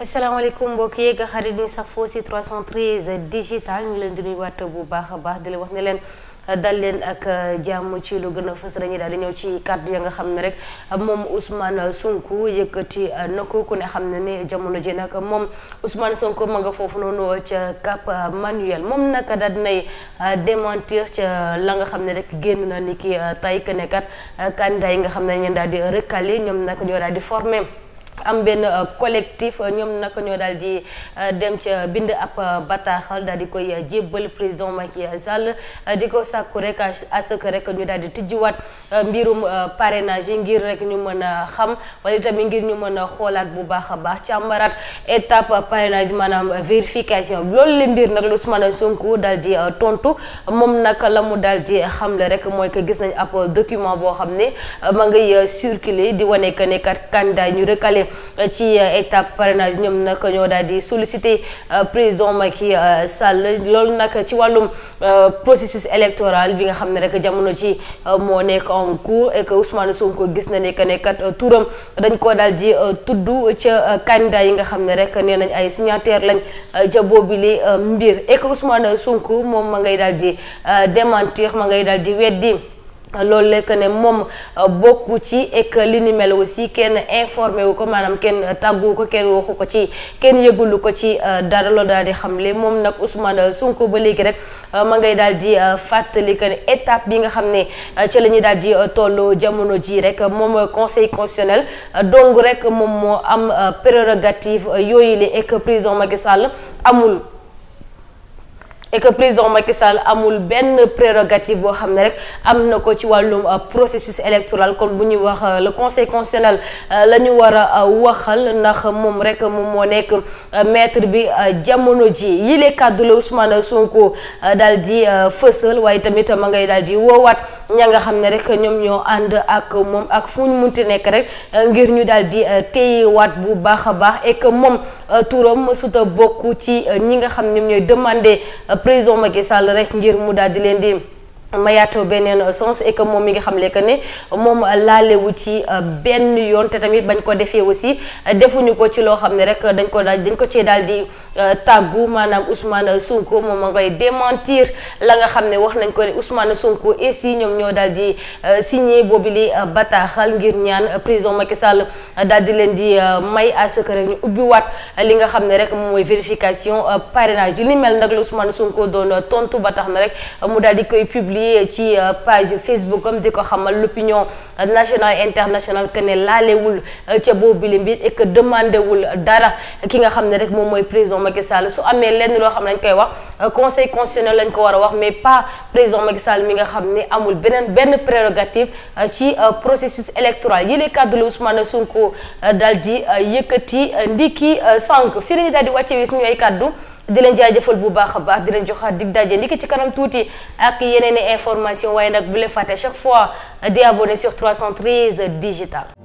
asalaamaaleykum mbokk yeeg xarit ñi sax foo si 313 digital ñu leen di nuyuwaat bu baax a baax di leen wax ne leen dal leen ak jàmm ci lu gën a fës dañuy daal di ñëw ci kàddu ya nga xam ne rek moom Ousmane Sonko yëkkati na ko ku ne xam ne ne jamono ji nag moom Ousmane Sonko ma nga foofu noonu ca Cap Manuel moom naka daal dinay démentir ca la nga xam ne rek génn na ni kii tay que ne kat candidat yi nga xam ne dañu daal di recalé ñoom nag ñoo daal di formé. am benn euh, collectif euh, ñoom nag ñoo daal di euh, dem ca bind ab bataaxal daal di koy jébbal président Macky Sall di ko sàkku rek à ce que rek ñu daal di tijjiwaat mbirum parrainage yi ngir rek ñu mën a xam wala tamit ngir ñu mën a xoolaat bu baax a baax càmbaraat étape parrainage maanaam vérification loolu la mbir nag su Ousmane Sonko daal di tontu moom nag la mu daal xam xamle rek mooy que gis nañ ab document boo xam ne ma ngay circuler di wane que ne kat ñu recalé. Euh, ci euh, étape parrainage ñoom nag ñoo daal di solliciter euh, président Macky Sall loolu nag ci wàllum processus électoral bi nga xam ne rek jamono ci moo nekk en cours et que Ousmane gis na ne que ne kat turam dañ koo daal di tudd ca candidat yi nga xam ne rek nee nañ ay signataire lañ ca boobile mbir et que Ousmane Sonko moom ma ngay daal di démentir ma ngay daal di weddi. loolu lekk ne moom euh, bokku ci ek li ni mel aussi kenn informé wu ko maanaam kenn tàggu ko kenn waxu ko ci kenn yëgulu ko ci euh, dara loolu daal di xam xamle moom nag Ousmane Sonko ba léegi rek euh, ma ngay daal di fàttali que ne étape bi nga xam ne ci la ñuy daal di toll jamono ji rek moom conseil constitutionnel dong rek moom moo am prérogative yooyu li ek prison Macky amul et que président Macky amul benn prérogative boo xam ne rek am na ko ci wàllum euh, processus électoral kon bu ñuy wax euh, la conseil constitutionnel euh, la ñu war a waxal ndax moom rek moom moo nekk maître bi jamono ji yile kàddu la Ousmane Sonko daal di fësal waaye tamit ma ngay daal di woowaat ña nga xam ne rek ñoom ñoo ànd ak moom ak fu ñu munti nekk rek ngir ñu daal di téyewaat bu baax a baax et moom. Euh, turam mësuta bokk ci euh, ñi nga xam ñoom ñooy demander euh, président Macky Sall rek ngir mu daal di leen di. mayaatoo beneen sens et moom mi nga xam le que ne moom laalewu ci euh, benn yoon te tamit bañ ko defee aussi euh, defuñu ko ci loo xam ne rek dañ ko dañ ko cee daal di euh, tàggu maanaam Ousmane Sonko moom a ngay démentir la nga xam ne wax nañ ko ne Ousmane Sonko et ñoom ñoo daal di signé boobu li bataaxal ngir ñaan prison Macky Sall daal di leen di may à ce que rek ñu ubbiwaat li nga xam ne rek moom mooy vérification parrainage li mel nag la Ousmane Sonko doon tontu ba tax rek publier ci euh, page Facebook comme di ko xamal l'opinion nationale et internationale que ne laalewul euh, ca boobu li mbir et que demandé wul dara ki nga xam ne rek moom mooy président Macky Sall su amee lenn loo xam ne dañ koy wax. Euh, conseil constitutionnel lañ ko war a wax mais pas président Macky Sall mi nga xam ni amul beneen benn prérogative euh, ci euh, processus électoral yi les cadres la a Sonko daal di yëkkati ndiki sànq fii la ñu daal di wàcce wi suñu ay kaddu. di leen jaajëfal bu baax a baax di leen joxaat dig daje ndiki ci kanam tuuti ak yeneen information waaye nag bu leen fàtte chaque fois di abonné sur 313 digital